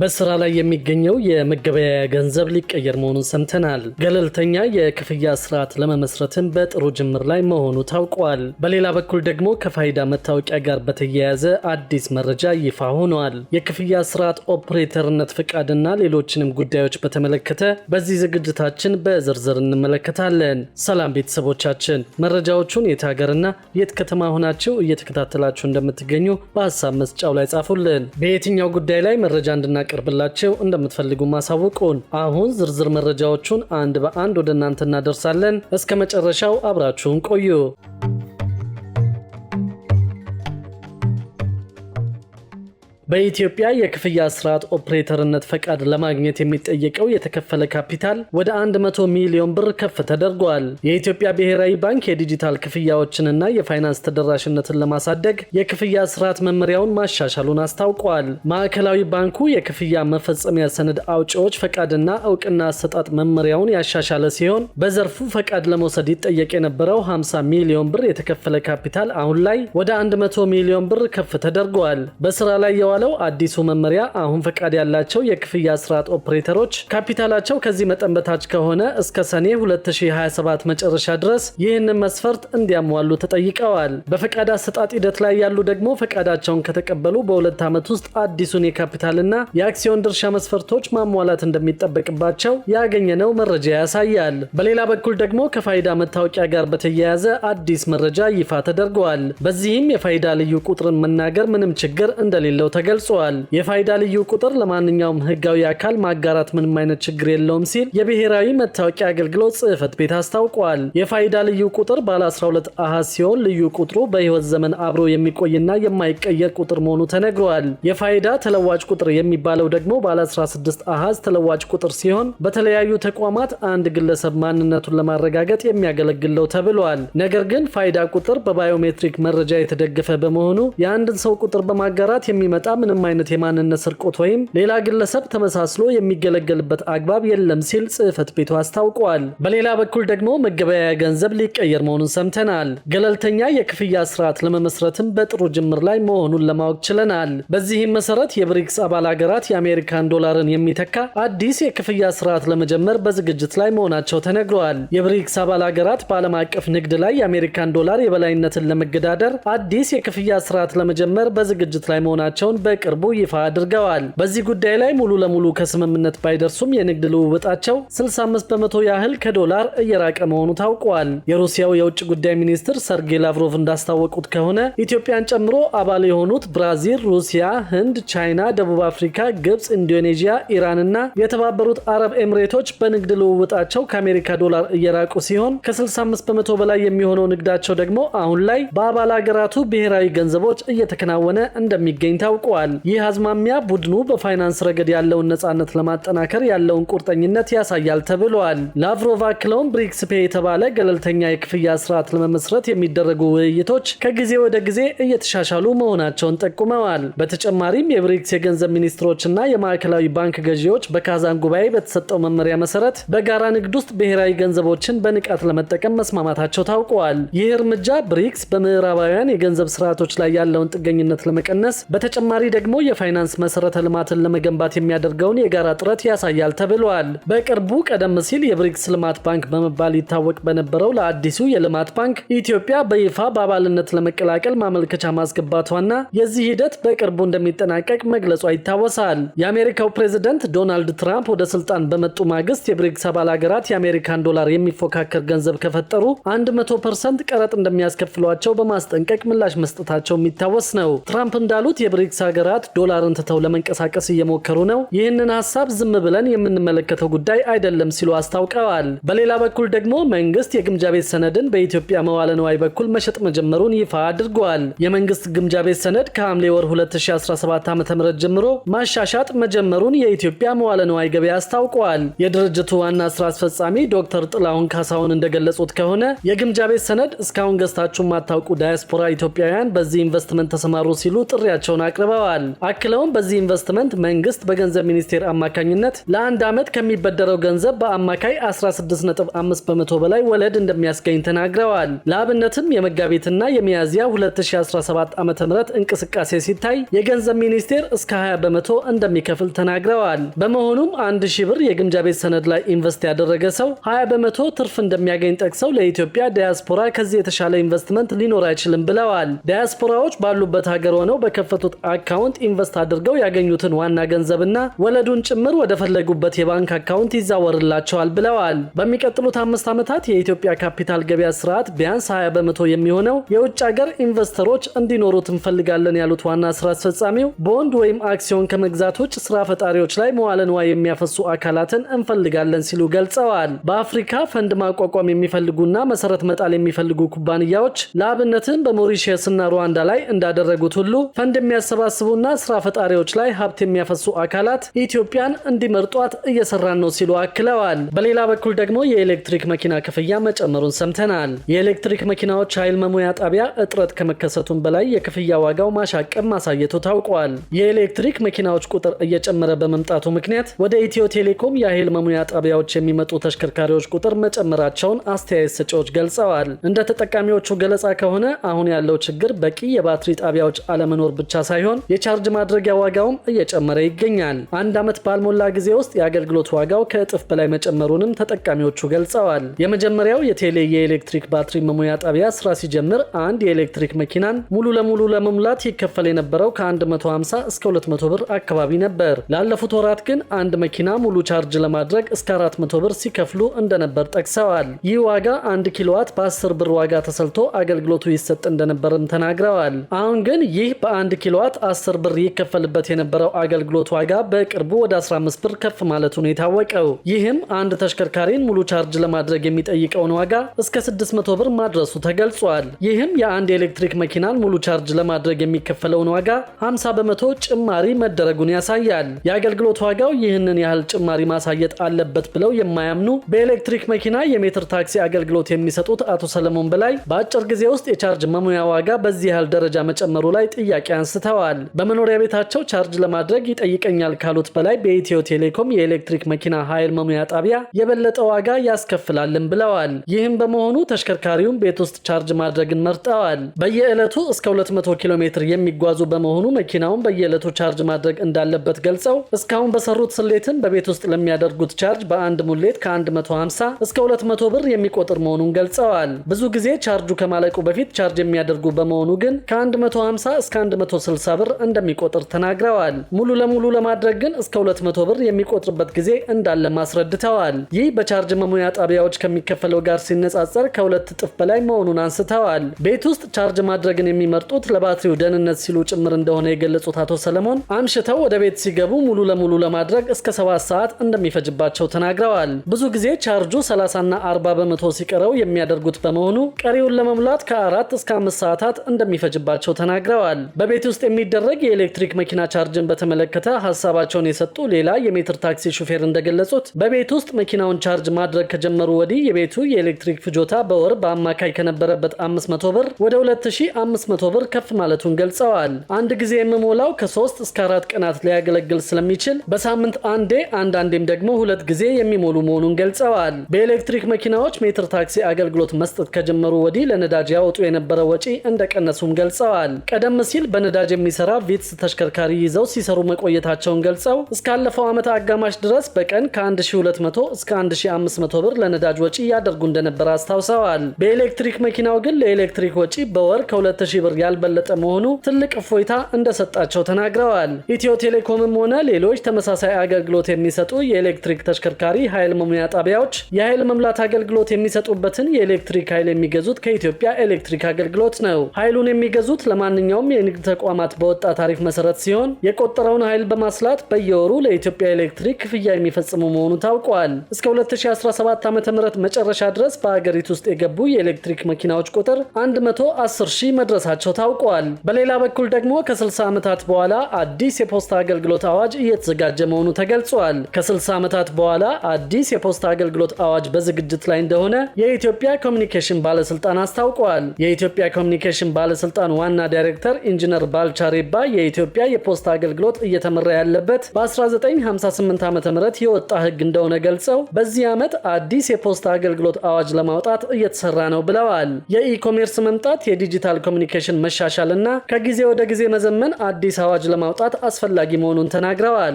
በስራ ላይ የሚገኘው የመገበያያ ገንዘብ ሊቀየር መሆኑን ሰምተናል። ገለልተኛ የክፍያ ስርዓት ለመመስረትን በጥሩ ጅምር ላይ መሆኑ ታውቋል። በሌላ በኩል ደግሞ ከፋይዳ መታወቂያ ጋር በተያያዘ አዲስ መረጃ ይፋ ሆኗል። የክፍያ ስርዓት ኦፕሬተርነት ፍቃድና ሌሎችንም ጉዳዮች በተመለከተ በዚህ ዝግጅታችን በዝርዝር እንመለከታለን። ሰላም ቤተሰቦቻችን፣ መረጃዎቹን የት ሀገርና የት ከተማ ሆናችሁ እየተከታተላችሁ እንደምትገኙ በሀሳብ መስጫው ላይ ጻፉልን። በየትኛው ጉዳይ ላይ መረጃ እንድና እንድናቀርብላቸው እንደምትፈልጉ ማሳወቁን። አሁን ዝርዝር መረጃዎቹን አንድ በአንድ ወደ እናንተ እናደርሳለን። እስከ መጨረሻው አብራችሁን ቆዩ። በኢትዮጵያ የክፍያ ስርዓት ኦፕሬተርነት ፈቃድ ለማግኘት የሚጠየቀው የተከፈለ ካፒታል ወደ 100 ሚሊዮን ብር ከፍ ተደርጓል። የኢትዮጵያ ብሔራዊ ባንክ የዲጂታል ክፍያዎችንና የፋይናንስ ተደራሽነትን ለማሳደግ የክፍያ ስርዓት መመሪያውን ማሻሻሉን አስታውቋል። ማዕከላዊ ባንኩ የክፍያ መፈጸሚያ ሰነድ አውጪዎች ፈቃድና እውቅና አሰጣጥ መመሪያውን ያሻሻለ ሲሆን በዘርፉ ፈቃድ ለመውሰድ ይጠየቅ የነበረው 50 ሚሊዮን ብር የተከፈለ ካፒታል አሁን ላይ ወደ 100 ሚሊዮን ብር ከፍ ተደርጓል። በስራ ላይ የተባለው አዲሱ መመሪያ አሁን ፈቃድ ያላቸው የክፍያ ስርዓት ኦፕሬተሮች ካፒታላቸው ከዚህ መጠን በታች ከሆነ እስከ ሰኔ 2027 መጨረሻ ድረስ ይህንን መስፈርት እንዲያሟሉ ተጠይቀዋል። በፈቃድ አሰጣጥ ሂደት ላይ ያሉ ደግሞ ፈቃዳቸውን ከተቀበሉ በሁለት ዓመት ውስጥ አዲሱን የካፒታልና የአክሲዮን ድርሻ መስፈርቶች ማሟላት እንደሚጠበቅባቸው ያገኘነው መረጃ ያሳያል። በሌላ በኩል ደግሞ ከፋይዳ መታወቂያ ጋር በተያያዘ አዲስ መረጃ ይፋ ተደርገዋል። በዚህም የፋይዳ ልዩ ቁጥርን መናገር ምንም ችግር እንደሌለው ተገልጿል። የፋይዳ ልዩ ቁጥር ለማንኛውም ህጋዊ አካል ማጋራት ምንም አይነት ችግር የለውም ሲል የብሔራዊ መታወቂያ አገልግሎት ጽህፈት ቤት አስታውቋል። የፋይዳ ልዩ ቁጥር ባለ 12 አሃዝ ሲሆን ልዩ ቁጥሩ በህይወት ዘመን አብሮ የሚቆይና የማይቀየር ቁጥር መሆኑ ተነግሯል። የፋይዳ ተለዋጭ ቁጥር የሚባለው ደግሞ ባለ 16 አሃዝ ተለዋጭ ቁጥር ሲሆን በተለያዩ ተቋማት አንድ ግለሰብ ማንነቱን ለማረጋገጥ የሚያገለግለው ተብሏል። ነገር ግን ፋይዳ ቁጥር በባዮሜትሪክ መረጃ የተደገፈ በመሆኑ የአንድን ሰው ቁጥር በማጋራት የሚመጣ ምንም አይነት የማንነት ስርቆት ወይም ሌላ ግለሰብ ተመሳስሎ የሚገለገልበት አግባብ የለም ሲል ጽህፈት ቤቱ አስታውቋል። በሌላ በኩል ደግሞ መገበያያ ገንዘብ ሊቀየር መሆኑን ሰምተናል። ገለልተኛ የክፍያ ስርዓት ለመመስረትም በጥሩ ጅምር ላይ መሆኑን ለማወቅ ችለናል። በዚህም መሰረት የብሪክስ አባል ሀገራት የአሜሪካን ዶላርን የሚተካ አዲስ የክፍያ ስርዓት ለመጀመር በዝግጅት ላይ መሆናቸው ተነግረዋል። የብሪክስ አባል ሀገራት በዓለም አቀፍ ንግድ ላይ የአሜሪካን ዶላር የበላይነትን ለመገዳደር አዲስ የክፍያ ስርዓት ለመጀመር በዝግጅት ላይ መሆናቸውን በቅርቡ ይፋ አድርገዋል። በዚህ ጉዳይ ላይ ሙሉ ለሙሉ ከስምምነት ባይደርሱም የንግድ ልውውጣቸው 65 በመቶ ያህል ከዶላር እየራቀ መሆኑ ታውቋል። የሩሲያው የውጭ ጉዳይ ሚኒስትር ሰርጌይ ላቭሮቭ እንዳስታወቁት ከሆነ ኢትዮጵያን ጨምሮ አባል የሆኑት ብራዚል፣ ሩሲያ፣ ህንድ፣ ቻይና፣ ደቡብ አፍሪካ፣ ግብፅ፣ ኢንዶኔዥያ፣ ኢራን እና የተባበሩት አረብ ኤምሬቶች በንግድ ልውውጣቸው ከአሜሪካ ዶላር እየራቁ ሲሆን ከ65 በመቶ በላይ የሚሆነው ንግዳቸው ደግሞ አሁን ላይ በአባል ሀገራቱ ብሔራዊ ገንዘቦች እየተከናወነ እንደሚገኝ ታውቋል። ገልጸዋል። ይህ አዝማሚያ ቡድኑ በፋይናንስ ረገድ ያለውን ነፃነት ለማጠናከር ያለውን ቁርጠኝነት ያሳያል ተብሏል። ላቭሮቭ አክለውም ብሪክስ ፔ የተባለ ገለልተኛ የክፍያ ስርዓት ለመመስረት የሚደረጉ ውይይቶች ከጊዜ ወደ ጊዜ እየተሻሻሉ መሆናቸውን ጠቁመዋል። በተጨማሪም የብሪክስ የገንዘብ ሚኒስትሮች የማዕከላዊ ባንክ ገዢዎች በካዛን ጉባኤ በተሰጠው መመሪያ መሰረት በጋራ ንግድ ውስጥ ብሔራዊ ገንዘቦችን በንቃት ለመጠቀም መስማማታቸው ታውቀዋል። ይህ እርምጃ ብሪክስ በምዕራባውያን የገንዘብ ስርዓቶች ላይ ያለውን ጥገኝነት ለመቀነስ በተጨማሪ በተጨማሪ ደግሞ የፋይናንስ መሰረተ ልማትን ለመገንባት የሚያደርገውን የጋራ ጥረት ያሳያል ተብሏል። በቅርቡ ቀደም ሲል የብሪክስ ልማት ባንክ በመባል ይታወቅ በነበረው ለአዲሱ የልማት ባንክ ኢትዮጵያ በይፋ በአባልነት ለመቀላቀል ማመልከቻ ማስገባቷና የዚህ ሂደት በቅርቡ እንደሚጠናቀቅ መግለጿ ይታወሳል። የአሜሪካው ፕሬዝደንት ዶናልድ ትራምፕ ወደ ስልጣን በመጡ ማግስት የብሪክስ አባል ሀገራት የአሜሪካን ዶላር የሚፎካከር ገንዘብ ከፈጠሩ 100 ፐርሰንት ቀረጥ እንደሚያስከፍሏቸው በማስጠንቀቅ ምላሽ መስጠታቸው የሚታወስ ነው። ትራምፕ እንዳሉት የብሪክስ ሀገራት ዶላርን ትተው ለመንቀሳቀስ እየሞከሩ ነው። ይህንን ሀሳብ ዝም ብለን የምንመለከተው ጉዳይ አይደለም ሲሉ አስታውቀዋል። በሌላ በኩል ደግሞ መንግስት የግምጃ ቤት ሰነድን በኢትዮጵያ መዋለ ንዋይ በኩል መሸጥ መጀመሩን ይፋ አድርጓል። የመንግስት ግምጃ ቤት ሰነድ ከሐምሌ ወር 2017 ዓ ም ጀምሮ ማሻሻጥ መጀመሩን የኢትዮጵያ መዋለ ንዋይ ገበያ አስታውቋል። የድርጅቱ ዋና ስራ አስፈጻሚ ዶክተር ጥላሁን ካሳሁን እንደገለጹት ከሆነ የግምጃ ቤት ሰነድ እስካሁን ገዝታችሁ ማታውቁ ዳያስፖራ ኢትዮጵያውያን በዚህ ኢንቨስትመንት ተሰማሩ ሲሉ ጥሪያቸውን አቅርበዋል። ብለዋል። አክለውም በዚህ ኢንቨስትመንት መንግስት በገንዘብ ሚኒስቴር አማካኝነት ለአንድ ዓመት ከሚበደረው ገንዘብ በአማካይ 16.5 በመቶ በላይ ወለድ እንደሚያስገኝ ተናግረዋል። ለአብነትም የመጋቢትና የሚያዝያ 2017 ዓ ም እንቅስቃሴ ሲታይ የገንዘብ ሚኒስቴር እስከ 20 በመቶ እንደሚከፍል ተናግረዋል። በመሆኑም አንድ ሺ ብር የግምጃ ቤት ሰነድ ላይ ኢንቨስት ያደረገ ሰው 20 በመቶ ትርፍ እንደሚያገኝ ጠቅሰው ለኢትዮጵያ ዲያስፖራ ከዚህ የተሻለ ኢንቨስትመንት ሊኖር አይችልም ብለዋል። ዲያስፖራዎች ባሉበት ሀገር ሆነው በከፈቱት አካውንት ኢንቨስት አድርገው ያገኙትን ዋና ገንዘብና ወለዱን ጭምር ወደፈለጉበት የባንክ አካውንት ይዛወርላቸዋል ብለዋል። በሚቀጥሉት አምስት ዓመታት የኢትዮጵያ ካፒታል ገበያ ስርዓት ቢያንስ 20 በመቶ የሚሆነው የውጭ ሀገር ኢንቨስተሮች እንዲኖሩት እንፈልጋለን ያሉት ዋና ስራ አስፈጻሚው ቦንድ ወይም አክሲዮን ከመግዛት ውጭ ስራ ፈጣሪዎች ላይ መዋለ ንዋይ የሚያፈሱ አካላትን እንፈልጋለን ሲሉ ገልጸዋል። በአፍሪካ ፈንድ ማቋቋም የሚፈልጉና መሰረት መጣል የሚፈልጉ ኩባንያዎች ለአብነትም በሞሪሽየስና ሩዋንዳ ላይ እንዳደረጉት ሁሉ ፈንድ የሚያሰባ የሚያሳስቡና ስራ ፈጣሪዎች ላይ ሀብት የሚያፈሱ አካላት ኢትዮጵያን እንዲመርጧት እየሰራን ነው ሲሉ አክለዋል። በሌላ በኩል ደግሞ የኤሌክትሪክ መኪና ክፍያ መጨመሩን ሰምተናል። የኤሌክትሪክ መኪናዎች ኃይል መሙያ ጣቢያ እጥረት ከመከሰቱም በላይ የክፍያ ዋጋው ማሻቀብ ማሳየቱ ታውቋል። የኤሌክትሪክ መኪናዎች ቁጥር እየጨመረ በመምጣቱ ምክንያት ወደ ኢትዮ ቴሌኮም የኃይል መሙያ ጣቢያዎች የሚመጡ ተሽከርካሪዎች ቁጥር መጨመራቸውን አስተያየት ሰጪዎች ገልጸዋል። እንደ ተጠቃሚዎቹ ገለጻ ከሆነ አሁን ያለው ችግር በቂ የባትሪ ጣቢያዎች አለመኖር ብቻ ሳይሆን የቻርጅ ማድረጊያ ዋጋውም እየጨመረ ይገኛል። አንድ ዓመት ባልሞላ ጊዜ ውስጥ የአገልግሎት ዋጋው ከእጥፍ በላይ መጨመሩንም ተጠቃሚዎቹ ገልጸዋል። የመጀመሪያው የቴሌ የኤሌክትሪክ ባትሪ መሙያ ጣቢያ ስራ ሲጀምር አንድ የኤሌክትሪክ መኪናን ሙሉ ለሙሉ ለመሙላት ይከፈል የነበረው ከ150 እስከ 200 ብር አካባቢ ነበር። ላለፉት ወራት ግን አንድ መኪና ሙሉ ቻርጅ ለማድረግ እስከ 400 ብር ሲከፍሉ እንደነበር ጠቅሰዋል። ይህ ዋጋ አንድ ኪሎዋት በ10 ብር ዋጋ ተሰልቶ አገልግሎቱ ይሰጥ እንደነበርም ተናግረዋል። አሁን ግን ይህ በአንድ ኪሎዋት 10 ብር ይከፈልበት የነበረው አገልግሎት ዋጋ በቅርቡ ወደ 15 ብር ከፍ ማለቱ ነው የታወቀው። ይህም አንድ ተሽከርካሪን ሙሉ ቻርጅ ለማድረግ የሚጠይቀውን ዋጋ እስከ 600 ብር ማድረሱ ተገልጿል። ይህም የአንድ የኤሌክትሪክ መኪናን ሙሉ ቻርጅ ለማድረግ የሚከፈለውን ዋጋ 50 በመቶ ጭማሪ መደረጉን ያሳያል። የአገልግሎት ዋጋው ይህንን ያህል ጭማሪ ማሳየት አለበት ብለው የማያምኑ በኤሌክትሪክ መኪና የሜትር ታክሲ አገልግሎት የሚሰጡት አቶ ሰለሞን በላይ በአጭር ጊዜ ውስጥ የቻርጅ መሙያ ዋጋ በዚህ ያህል ደረጃ መጨመሩ ላይ ጥያቄ አንስተዋል። በመኖሪያ ቤታቸው ቻርጅ ለማድረግ ይጠይቀኛል ካሉት በላይ በኢትዮ ቴሌኮም የኤሌክትሪክ መኪና ኃይል መሙያ ጣቢያ የበለጠ ዋጋ ያስከፍላልን ብለዋል። ይህም በመሆኑ ተሽከርካሪውን ቤት ውስጥ ቻርጅ ማድረግን መርጠዋል። በየዕለቱ እስከ 200 ኪሎ ሜትር የሚጓዙ በመሆኑ መኪናውን በየዕለቱ ቻርጅ ማድረግ እንዳለበት ገልጸው እስካሁን በሰሩት ስሌትን በቤት ውስጥ ለሚያደርጉት ቻርጅ በአንድ ሙሌት ከ150 እስከ 200 ብር የሚቆጥር መሆኑን ገልጸዋል። ብዙ ጊዜ ቻርጁ ከማለቁ በፊት ቻርጅ የሚያደርጉ በመሆኑ ግን ከ150 እስከ 160 ብር እንደሚቆጥር ተናግረዋል። ሙሉ ለሙሉ ለማድረግ ግን እስከ 200 ብር የሚቆጥርበት ጊዜ እንዳለ ማስረድተዋል። ይህ በቻርጅ መሙያ ጣቢያዎች ከሚከፈለው ጋር ሲነጻጸር ከሁለት እጥፍ በላይ መሆኑን አንስተዋል። ቤት ውስጥ ቻርጅ ማድረግን የሚመርጡት ለባትሪው ደህንነት ሲሉ ጭምር እንደሆነ የገለጹት አቶ ሰለሞን አምሽተው ወደ ቤት ሲገቡ ሙሉ ለሙሉ ለማድረግ እስከ ሰ7 ሰዓት እንደሚፈጅባቸው ተናግረዋል። ብዙ ጊዜ ቻርጁ 30ና 40 በመቶ ሲቀረው የሚያደርጉት በመሆኑ ቀሪውን ለመሙላት ከአራት እስከ አምስት ሰዓታት እንደሚፈጅባቸው ተናግረዋል። በቤት ውስጥ የሚደረ የሚደረግ የኤሌክትሪክ መኪና ቻርጅን በተመለከተ ሀሳባቸውን የሰጡ ሌላ የሜትር ታክሲ ሹፌር እንደገለጹት በቤት ውስጥ መኪናውን ቻርጅ ማድረግ ከጀመሩ ወዲህ የቤቱ የኤሌክትሪክ ፍጆታ በወር በአማካይ ከነበረበት 500 ብር ወደ 2500 ብር ከፍ ማለቱን ገልጸዋል። አንድ ጊዜ የምሞላው ከ3 እስከ 4 ቀናት ሊያገለግል ስለሚችል በሳምንት አንዴ አንዳንዴም ደግሞ ሁለት ጊዜ የሚሞሉ መሆኑን ገልጸዋል። በኤሌክትሪክ መኪናዎች ሜትር ታክሲ አገልግሎት መስጠት ከጀመሩ ወዲህ ለነዳጅ ያወጡ የነበረ ወጪ እንደቀነሱም ገልጸዋል። ቀደም ሲል በነዳጅ የሚሰራ ቪትስ ተሽከርካሪ ይዘው ሲሰሩ መቆየታቸውን ገልጸው እስካለፈው ዓመት አጋማሽ ድረስ በቀን ከ1200 እስከ 1500 ብር ለነዳጅ ወጪ እያደርጉ እንደነበር አስታውሰዋል። በኤሌክትሪክ መኪናው ግን ለኤሌክትሪክ ወጪ በወር ከ2000 ብር ያልበለጠ መሆኑ ትልቅ እፎይታ እንደሰጣቸው ተናግረዋል። ኢትዮ ቴሌኮምም ሆነ ሌሎች ተመሳሳይ አገልግሎት የሚሰጡ የኤሌክትሪክ ተሽከርካሪ ኃይል መሙያ ጣቢያዎች የኃይል መምላት አገልግሎት የሚሰጡበትን የኤሌክትሪክ ኃይል የሚገዙት ከኢትዮጵያ ኤሌክትሪክ አገልግሎት ነው። ኃይሉን የሚገዙት ለማንኛውም የንግድ ተቋማት በወ በወጣ ታሪፍ መሰረት ሲሆን የቆጠረውን ኃይል በማስላት በየወሩ ለኢትዮጵያ ኤሌክትሪክ ክፍያ የሚፈጽሙ መሆኑ ታውቋል። እስከ 2017 ዓ ም መጨረሻ ድረስ በአገሪቱ ውስጥ የገቡ የኤሌክትሪክ መኪናዎች ቁጥር 110 ሺህ መድረሳቸው ታውቋል። በሌላ በኩል ደግሞ ከ60 ዓመታት በኋላ አዲስ የፖስታ አገልግሎት አዋጅ እየተዘጋጀ መሆኑ ተገልጿል። ከ60 ዓመታት በኋላ አዲስ የፖስታ አገልግሎት አዋጅ በዝግጅት ላይ እንደሆነ የኢትዮጵያ ኮሚኒኬሽን ባለስልጣን አስታውቋል። የኢትዮጵያ ኮሚኒኬሽን ባለስልጣን ዋና ዳይሬክተር ኢንጂነር ባልቻ በሚገባ የኢትዮጵያ የፖስታ አገልግሎት እየተመራ ያለበት በ1958 ዓ ም የወጣ ህግ እንደሆነ ገልጸው በዚህ ዓመት አዲስ የፖስታ አገልግሎት አዋጅ ለማውጣት እየተሰራ ነው ብለዋል። የኢኮሜርስ መምጣት፣ የዲጂታል ኮሚኒኬሽን መሻሻል እና ከጊዜ ወደ ጊዜ መዘመን አዲስ አዋጅ ለማውጣት አስፈላጊ መሆኑን ተናግረዋል።